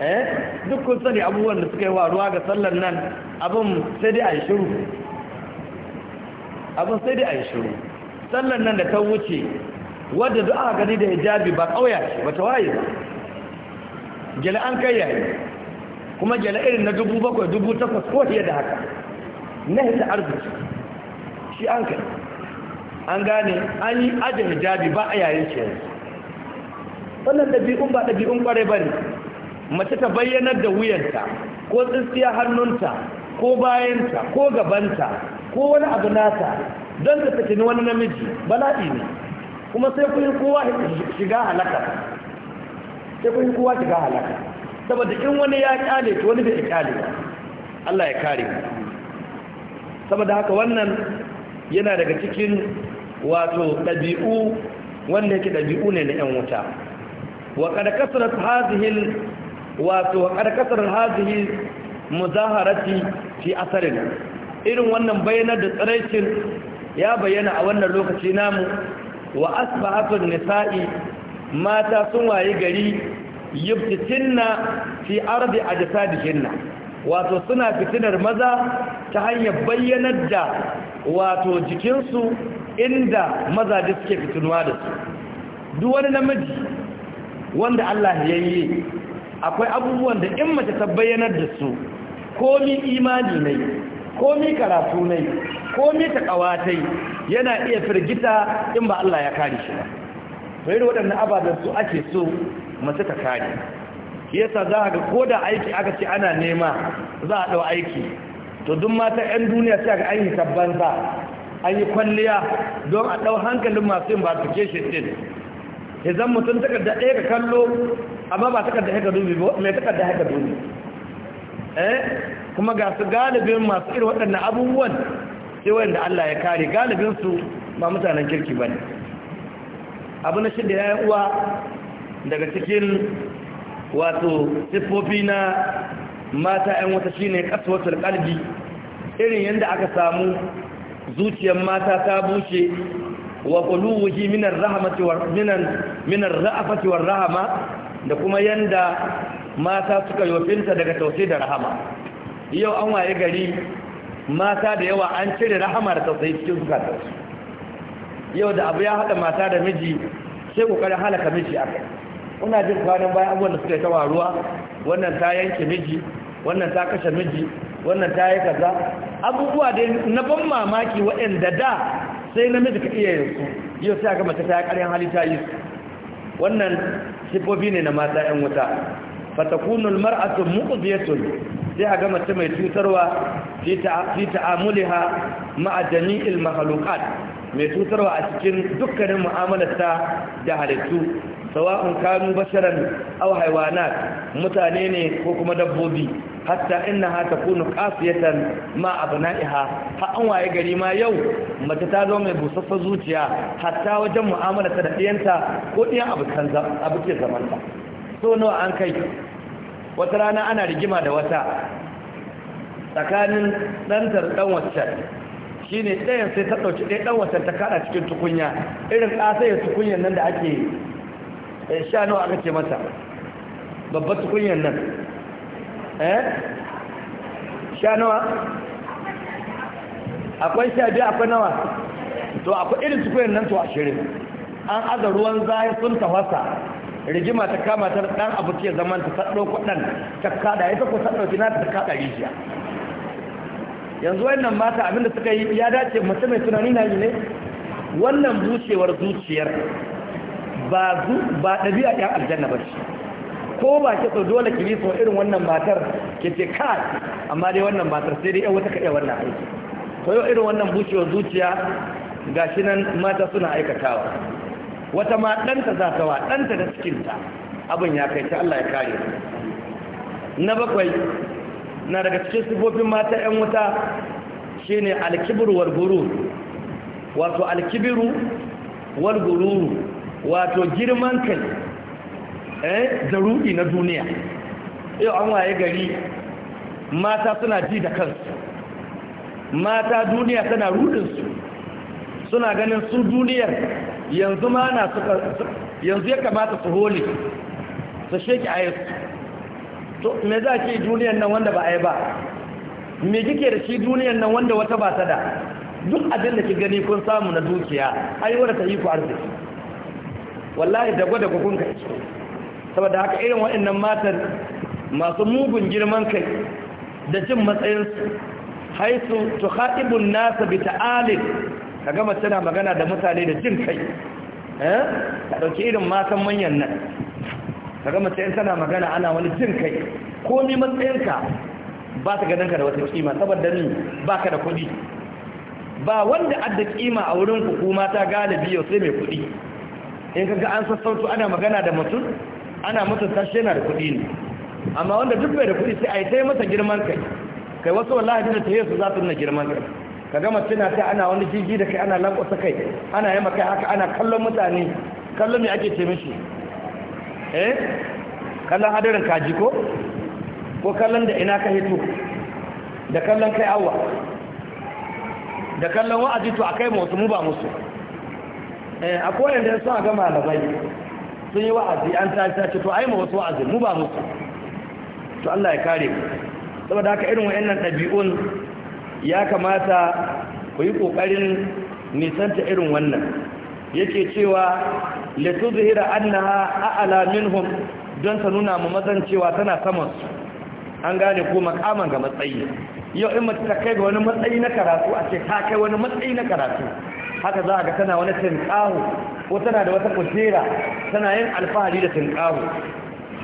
eh duk kun sani abubuwan da suka yi waruwa ga sallar nan abin sai dai a yi shiru abin sai dai a yi shiru sallar nan da ta wuce wadda duk gani da hijabi ba ƙauya ba ta waye ba gila an kai yayi kuma gyale irin na dubu bakwai dubu takwas ko fiye da haka na hita arziki shi an kai an gane an yi ajin hijabi ba a yayin shi yanzu wannan ɗabi'un ba ɗabi'un ƙware ba ne mace ta bayyanar da wuyanta ko tsintsiya hannunta ko bayanta ko gabanta ko wani abu nata don ta tafi wani namiji bala'i ne kuma sai kuyi kowa shiga halaka sai kowa shiga halaka saboda in wani ya kyale to wani bai kyale Allah ya kare mu saboda haka wannan yana daga cikin wato dabi'u wanda yake dabi'u ne na yan wuta wa qad kasrat hadhihi wato qad kasrat hadhihi muzaharati fi asarin irin wannan bayanar da tsaraicin ya bayyana a wannan lokaci namu wa asbahatun nisa'i mata sun waye gari yubtitinna fi ardi ajsadihinna wato suna fitinar maza ta hanyar bayyanar da wato jikinsu inda maza da suke fitinuwa da su duk wani namiji wanda Allah ya yi akwai abubuwan da in mace ta bayyanar da su komi imani ne komi karatu ne komi kawatai yana iya firgita in ba Allah ya kare shi ba to irin waɗannan ababen su ake so kuma suka kare yasa za a ga ko da aiki aka ce ana nema za a ɗau aiki to duk mata 'yan duniya sai ga an yi tabbanta an yi kwalliya don a ɗau hankalin masu yin ba su ke shi ɗin ya zan mutum takarda ɗaya ka kallo amma ba takarda haka dubi ba, mai takarda haka dubi eh kuma ga su galibin masu irin waɗannan abubuwan sai wanda Allah ya kare galibinsu ba mutanen kirki ba ne abu na da ya uwa daga cikin wato siffofi na mata 'yan wata shine kaswatul kalbi, irin yadda aka samu zuciyar mata ta bushe wa quluhi minar ra'afatiwar rahama da kuma yadda mata suka yofinta daga tausai da rahama yau an waye gari mata da yawa an cire rahama da tausayi cikin tausai yau da abu ya haɗa mata da miji sai ƙoƙarin halaka miji kai muna jin kwanan bayan abubuwan da suka yi ta ruwa wannan ta yanke miji wannan ta kashe miji wannan ta yi kaza abubuwa da na ban mamaki waɗanda da sai namiji ka iya yanzu yau sai aka mace ta yi ƙaryan ta yi su. wannan sifofi ne na mata 'yan wuta fatakunul mar'atu muqdiyatun sai a ga mace mai cutarwa fi ta'amuliha ma'a jami'il makhluqat mai cutarwa a cikin dukkanin mu'amalarta da halittu sawa'un kanu basharan aw haywanat mutane ne ko kuma dabbobi hatta innaha takunu qasiyatan ma abna'iha ha an waye gari ma yau mace ta zo mai busassa zuciya hatta wajen mu'amala ta da diyanta ko diyan abukan abuke zaman ta so nawa an kai wata rana ana rigima da wata tsakanin dantar dan waccan shi ne ɗayan sai ta ɗauki ɗaya ɗan wasan ta kaɗa cikin tukunya irin ƙasa ya tukunyan nan da ake ya eh, sha nawa aka ce mata babbar tukunyar nan eh sha nawa akwai sha biyu akwai nawa to akwai irin tukunyar nan to ashirin an aza ruwan zai sun tafasa rigima ta kama ta dan abu ke zaman ta saddo kudan ta kada ita ko saddo kina ta kada rijiya yanzu wannan mata abinda suka yi ya dace mutum mai tunani na yi ne wannan bucewar zuciyar ba ba ɗabi'a ɗan aljanna ba ko ba ke so dole ki so irin wannan matar ke ce kai amma dai wannan matar sai dai yan wata kaɗai wannan aiki to yau irin wannan bushewa zuciya gashi nan mata suna aikatawa wata ma ɗanta za ta wa ɗanta da cikinta abin ya kai ta Allah ya kare na bakwai na daga cikin sifofin mata 'yan wuta shine alkibru wal gurur wato alkibiru wal gururu wato girman kai eh zaruri na duniya yau an waye gari mata suna ji da kansu mata duniya tana rudinsu suna ganin su duniyar yanzu ma suka yanzu ya kamata su hole su sheki a yasu to me za ki duniyar nan wanda ba a yi ba me kike da shi duniyar nan wanda wata ba ta da duk abin da ki gani kun samu na dukiya ai ta yi ku arziki wallahi da da gugun kai saboda haka irin waɗannan matan masu mugun girman kai da jin matsayinsu haisu tu haɗibun nasa bi ta'alin ka gama tana magana da mutane da jin kai eh? ka ɗauki irin matan manyan nan ka gama in tana magana ana wani jin kai ko ni matsayinka ba ta ka da wata kima saboda ni ba ka da kuɗi ba wanda adda kima a wurin ku kuma ta galibi yau sai mai kuɗi in kaga an sassauto ana magana da mutum ana mutunta shi yana da kuɗi ne amma wanda duk bai da kuɗi sai a yi ta yi masa girman kai kai wasu wallahi da ta su za su nuna girman kai ka gama cina ta ana wani jiji da kai ana lankwasa kai ana yi kai haka ana kallon mutane kallon me ake ce mishi eh kallon hadarin kaji ko ko kallon da ina ka hito da kallon kai awa da kallon wa'azi to a mu wasu mu ba musu Eh, a kowane da suna ga malamai sun yi wa'azi an ta ta ce to ai ma wasu wa'azi mu ba musu to Allah ya kare mu saboda haka irin wayannan ɗabi'un ya kamata ku yi ƙoƙarin nisanta irin wannan yake cewa letu zuhira annaha a'ala minhum don ta nuna mu mazan cewa tana saman su an gane ko makaman ga matsayi yau in mace ta kai ga wani matsayi na karatu a ce ta kai wani matsayi na karatu haka za a ga tana wani tinkahu ko tana da wata kujera tana yin alfahari da tinkahu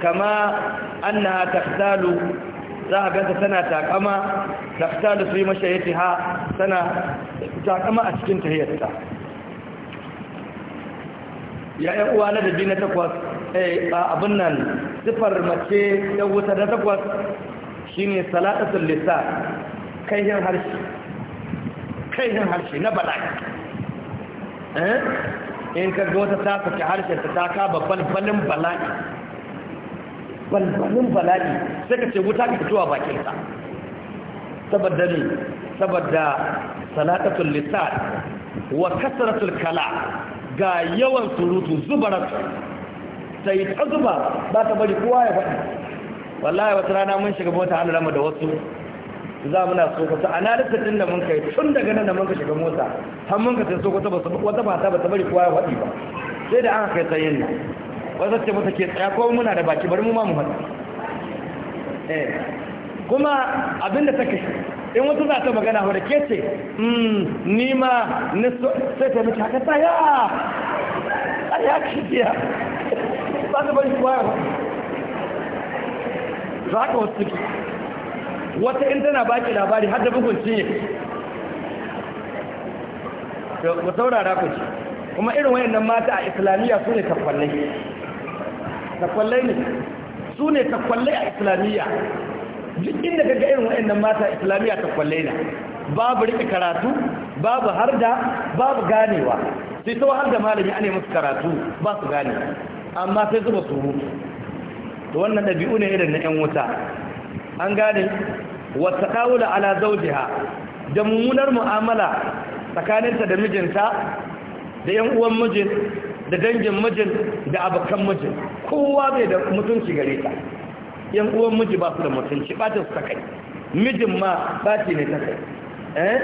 kama annaha taftalu za a ganta tana takama taqtalu fi ha tana takama a cikin tahiyarta ya uwa na dabi na takwas eh, a abin nan sifar mace ɗan wuta na takwas shine salatatul lisa kaihin harshe kaihin harshe na bala'i Eh? in ka ga wata ta saki harshen ta ta kaba balbalin bala'i balbalin bala'i sai ka ce wuta ka fitowa bakin ka. saboda ne saboda salatatul lisan wa kasratul kala ga yawan surutu zubarat sai ta zuba ba ta bari kowa ya faɗi wallahi wata rana mun shiga bota halarama da wasu za mu na sokoto analysis din da mun kai tun daga nan da mun ka shiga mota har mun ka sai sokoto ba wata mata ba ta bari kowa ya faɗi ba sai da aka kai tsayin nan wata ce mata ke tsaya ko muna da baki bari mu ma mu faɗi eh kuma abin da take in wata za ta magana wadda ke ce hmm, ni ma so sai ta mace haka tsaya tsaya ki biya ba ta bari kowa ya faɗi za ka wasu wata in tana baki labari har da bugun cinye ku saurara ku ci kuma irin wayannan mata a islamiyya su ne takwallai takwallai ne su ne takwallai a islamiyya duk inda kaga irin wayannan mata a islamiyya takwallai na babu riƙe karatu babu harda babu ganewa sai ta wahar da malami ana musu karatu ba su gane amma sai zuba To wannan ɗabi'u ne irin na 'yan wuta an gane wata ƙawula ala zaujiha da mummunar mu'amala tsakaninta da mijinta da yan uwan mijin da dangin mijin da abokan mijin kowa bai da mutunci gare ta yan uwan miji ba su da mutunci ba ta su takai mijin ma ba ce ne takai eh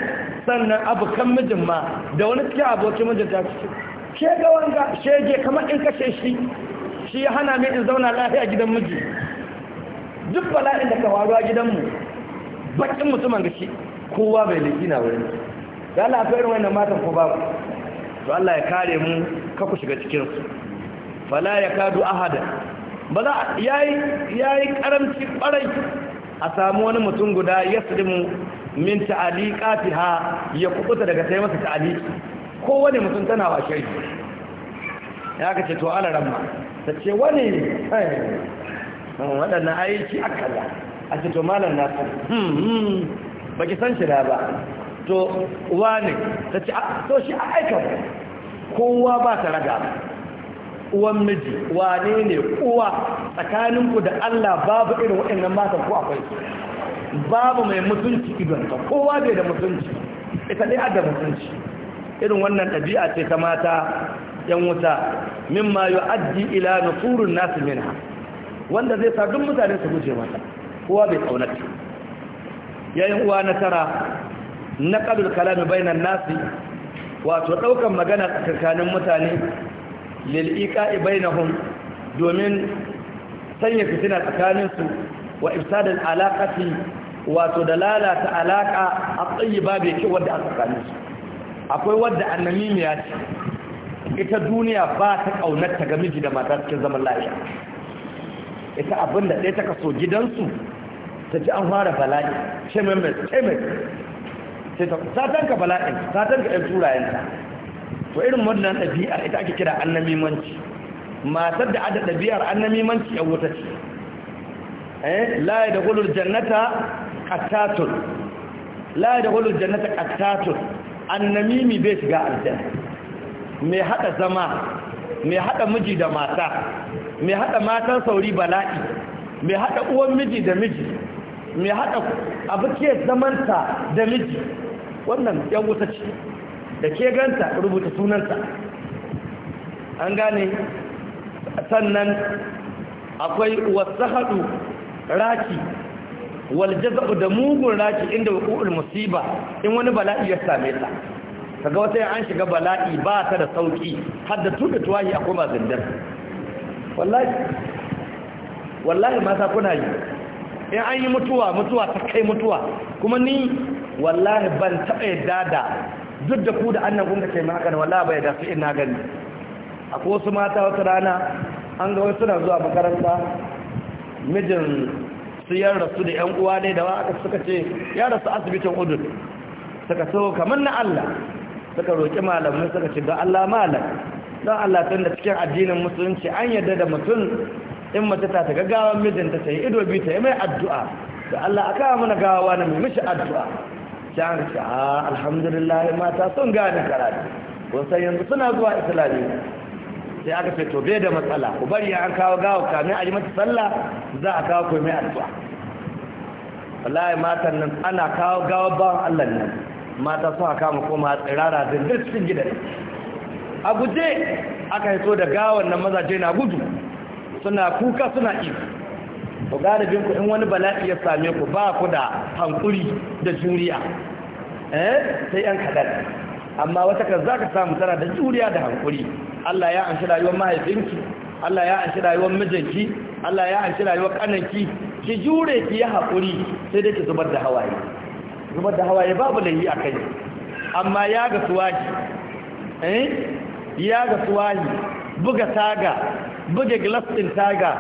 sannan abokan mijin ma da wani cikin abokin mijin ta ce ke ga wanga shege kamar in kashe shi shi ya hana mai in zauna lafiya gidan miji duk bala'in da ka faru a gidanmu bakin mutumin gashi kowa bai laifi na wurin da Allah akwai irin wannan matan ko babu to Allah ya kare mu ka ku shiga cikin su fala ya kadu ahada ba za yayi yayi karamci kwarai a samu wani mutum guda su dimu min ha ya kubuta daga sai masa ta'aliki ko wani mutum tana washe ya ka ce to ala ramma ta ce wani waɗannan aiki aka da a cikin malar malam na san hmm, hmm. ba ki san shi da ba to ne ta ce ah, to shi a aika kowa ba ta raga uwan miji wane ne kowa tsakaninku da Allah babu irin waɗannan matan ko akwai babu mai mutunci idonta kowa bai da mutunci ita dai adda mutunci irin wannan ɗabi'a ce ta mata yan wuta mimma addi, ila nusurun nasu minha wanda zai sa duk mutane su guje mata, kowa bai kaunata yayin uwa na tara na qabil kalami bainan nasi wato ɗaukan magana tsakanin mutane lil iqa'i bainahum domin sanya fitina tsakaninsu, su wa ifsadal alaqati wato da lalata alaka a tsayiba bai kyau wadda a tsakanin su akwai wadda annamimiya ce ita duniya ba ta kaunar ta ga miji da mata cikin zaman lafiya ita abin da ɗaya taka so gidansu ta ji an fara bala'i shememet shemet ta ka bala'in satan ka 'yan turayenta to irin wannan ɗabi'a ita ake kira annamimanci matar da ada ɗabi'ar annamimanci ya wuta ce eh la ya da hulul jannata qattatun la ya da hulul jannata qattatun annamimi bai shiga aljanna mai hada zama mai hada miji da mata mai haɗa matan sauri bala'i mai haɗa uwan miji da miji mai haɗa abokiyar zamanta da miji wannan yan wuta ce da ke ganta rubuta sunanta an gane sannan akwai wasu haɗu raki waljaza'u da mugun raki inda wuƙu'ul musiba in wani bala'i ya same ta kaga wata yin an shiga bala'i ba ta da sauƙi har da tuwahi akwai ba zindar wallahi wallahi mata kuna yi in an yi mutuwa mutuwa ta kai mutuwa kuma ni wallahi ban taɓa yadda da duk da ku da annan kun kace mai haka wallahi bai da su ina gani akwai wasu mata wata rana an ga wasu suna zuwa makaranta mijin su yan rasu da yan uwa ne da aka suka ce ya rasu asibitin udud suka so kamar na Allah suka roki malamai suka ce ga Allah malam don Allah tun da cikin addinin musulunci an yarda da mutum in mace ta ta gaggawa mijinta ta yi ido biyu ta yi mai addu'a da Allah aka mana gawawa na mai mishi addu'a an ce a ah, alhamdulillah mata sun gane karatu wasan yanzu suna zuwa islami sai aka ce to bai da matsala ku bari an kawo gawa kamin a yi mata sallah za a kawo mai addu'a wallahi matan nan ana kawo gawa bawan Allah nan mata suka kama koma tsirara da cikin gidan a guje aka yi so da gawan nan mazaje na gudu suna kuka suna ihu ku galibin ku in wani bala'i ya same ku ba ku da hankuri da juriya eh sai yan kadan amma wata kan zaka samu tana da juriya da hankuri Allah ya anshi rayuwar mahaifinki Allah ya anshi rayuwar mijinki Allah ya anshi rayuwar kananki ki jure ki ya hakuri sai dai ki zubar da hawaye zubar da hawaye babu layi kai amma ya ga suwaki eh ya ga tuwali buga taga buga ɗin taga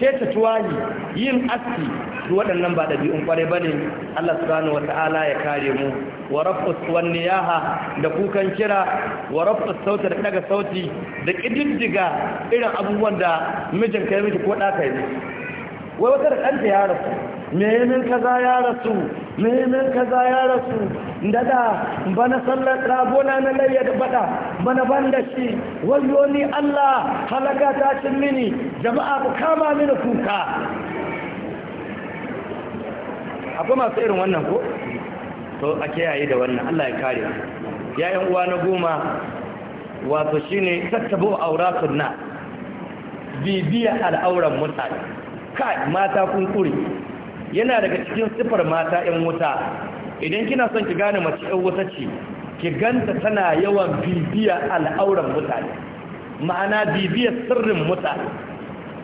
keta tuwali yin aski su waɗannan ba ɗabi'un ƙware ba ne Allah subhanahu wata'ala ya kare mu wa rafus wan da kukan kira wa rafus sauti da ɗaga sauti da ƙididdiga irin abubuwan da mijin kai miki ko ɗaka yi wai wata da ɗanta ya rasu me min kaza ya rasu muhimmin kaza ya rasu dada bana sallar rabona na layya da bada bana ban da shi wayo ni Allah halaka ta cin mini jama'a ku kama mini kuka akwai masu irin wannan ko to a kiyaye da wannan Allah ya kare yayin uwa na goma wato shine tattabo auratun na bibiya al'auran mutane kai mata kun kure yana daga cikin sifar mata 'yan wuta idan kina son ki gane mace 'yan wuta ce ki ganta tana yawan bibiya al'auran mutane ma'ana bibiyar sirrin mutane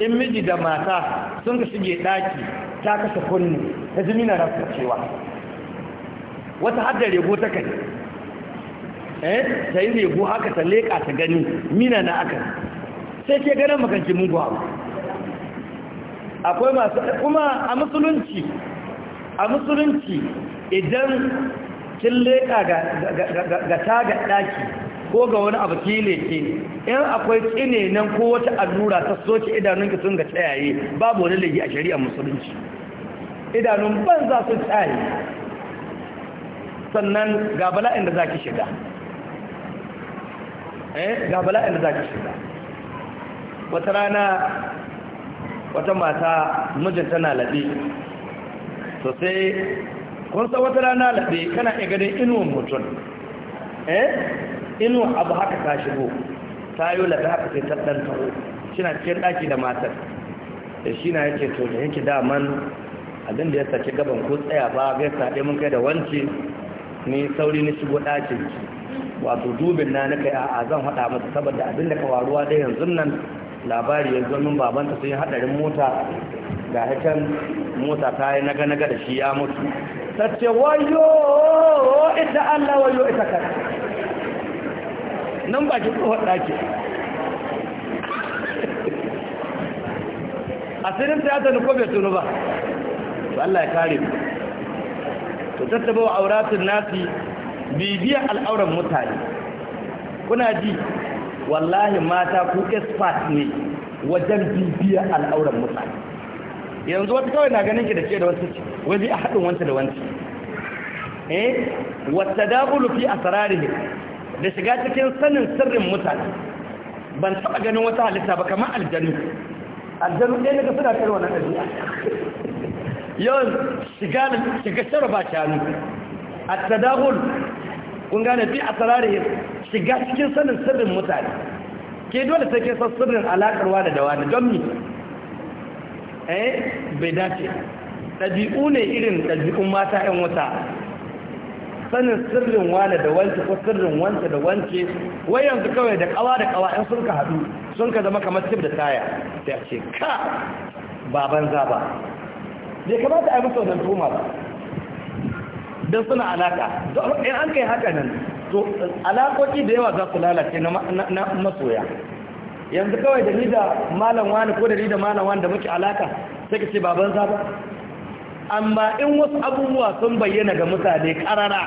in miji da mata sun ka shige ɗaki ta kasa kunni ta ji mina rafi cewa wata haddar rego ta kai eh ta yi rego haka ta leƙa ta gani mina na aka sai ke ganin makanci mugu abu akwai masu kuma a musulunci a musulunci idan kin leka ga taga daki ko ga wani abu kile ke in akwai tsine nan ko wata allura ta soke idanunki sun ga tsayaye babu wani lagi a shari'ar musulunci idanun ban za su tsaye sannan ga bala'in da zaki shiga eh ga bala'in da za ki shiga wata rana wata mata mijin tana laɓe to sai kun wata rana laɓe kana iya ganin inuwan mutum eh inuwan abu haka ta shigo ta yi laɓe haka sai ta ɗan shi na cikin ɗaki da matar da shi na yake to da yake daman abin ya sake gaban ko tsaya ba ga saɗe mun kai da wance ni sauri ni shigo ɗakin wato dubin na na kai a zan haɗa masa saboda abinda ka waruwa da yanzu nan labari ya zomin babanta sun yi hadarin mota ga hakan mota ta yi naga-naga da shi ya mutu ta ce wayo ita allah wayo ita kan nan ba ki tsohon ɗaki asirin ta yata nukobe bai tunu ba to allah ya kare mu to tattaba wa auratun nasi bibiyar al'auran mutane kuna ji wallahi mata ku expert ne wajen bibiyar al'auran mutane yanzu wata kawai na ganin ki da ke da wasu wani a haɗin wanta da wanci eh wata dabulu fi asrarihi da shiga cikin sanin sirrin mutane ban taɓa ganin wata halitta ba kamar aljanu aljanu ɗaya daga suna kai wannan ɗabi'a yawan shiga shiga shara ba shanu at-tadahul kun gane fi a sararihim shiga cikin sanin sirrin mutane ke dole sai ke san sirrin alaƙarwa da dawa da don mi eh bai dace ɗabi'u ne irin ɗabi'un mata 'yan wata sanin sirrin wane da wance ko sirrin wance da wance wai yanzu kawai da kawa da kawa ɗan sun ka haɗu sun ka zama kamar tip da taya sai a ce ka baban banza ba bai kamata a yi musu wannan tuma ba don suna alaka in an kai haka nan to alakoki da yawa za su lalace na masoya yanzu kawai da ni da malam wani ko da ni da malam wani da muke alaka sai ka ce baban zaba amma in wasu abubuwa sun bayyana ga mutane karara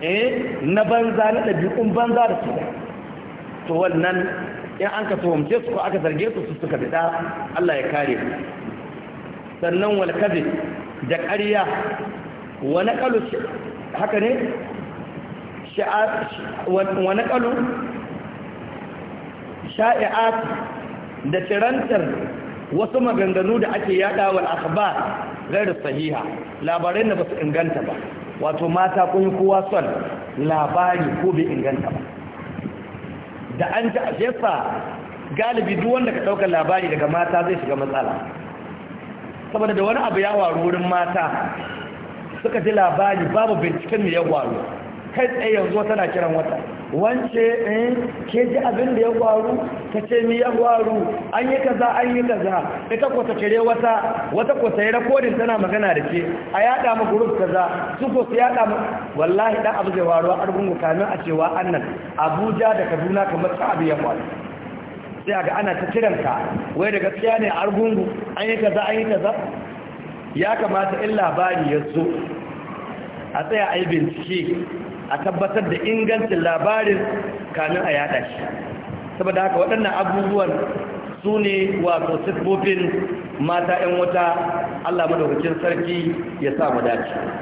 eh na banza na ɗabi'un banza da su to wannan in an ka tuhumce su ko aka zarge su su suka bida Allah ya kare sannan walkazi da ƙarya wa naqalu da tirantar wasu maganganu da ake yada wal akhbar sahiha labarai da basu inganta ba wato mata kun kowa son labari ko bai inganta ba da an ji jefa galibi duk wanda ka ɗaukar labari daga mata zai shiga matsala saboda da wani abu ya waru wurin mata suka ji labari babu binciken ne ya faru kai tsaye yanzu tana kiran wata wance eh ke ji abin da ya faru ta ce mi ya faru an yi kaza an yi kaza ita ko ta kire wata wata ko sai recording tana magana da ke a yada mu group kaza su ko su yada mu wallahi dan abu zai waro a argungu kamin a cewa annan Abuja da Kaduna kamar ta abu ya faru sai ga ana ta kiranka wai da gaskiya ne argungu an yi kaza an yi kaza ya kamata in labari ya zo a tsaya a yi bincike a tabbatar da ingancin labarin kamin a yada shi saboda haka waɗannan abubuwan su ne wato sifofin mata 'yan wuta allah madaukakin sarki ya sa mu dace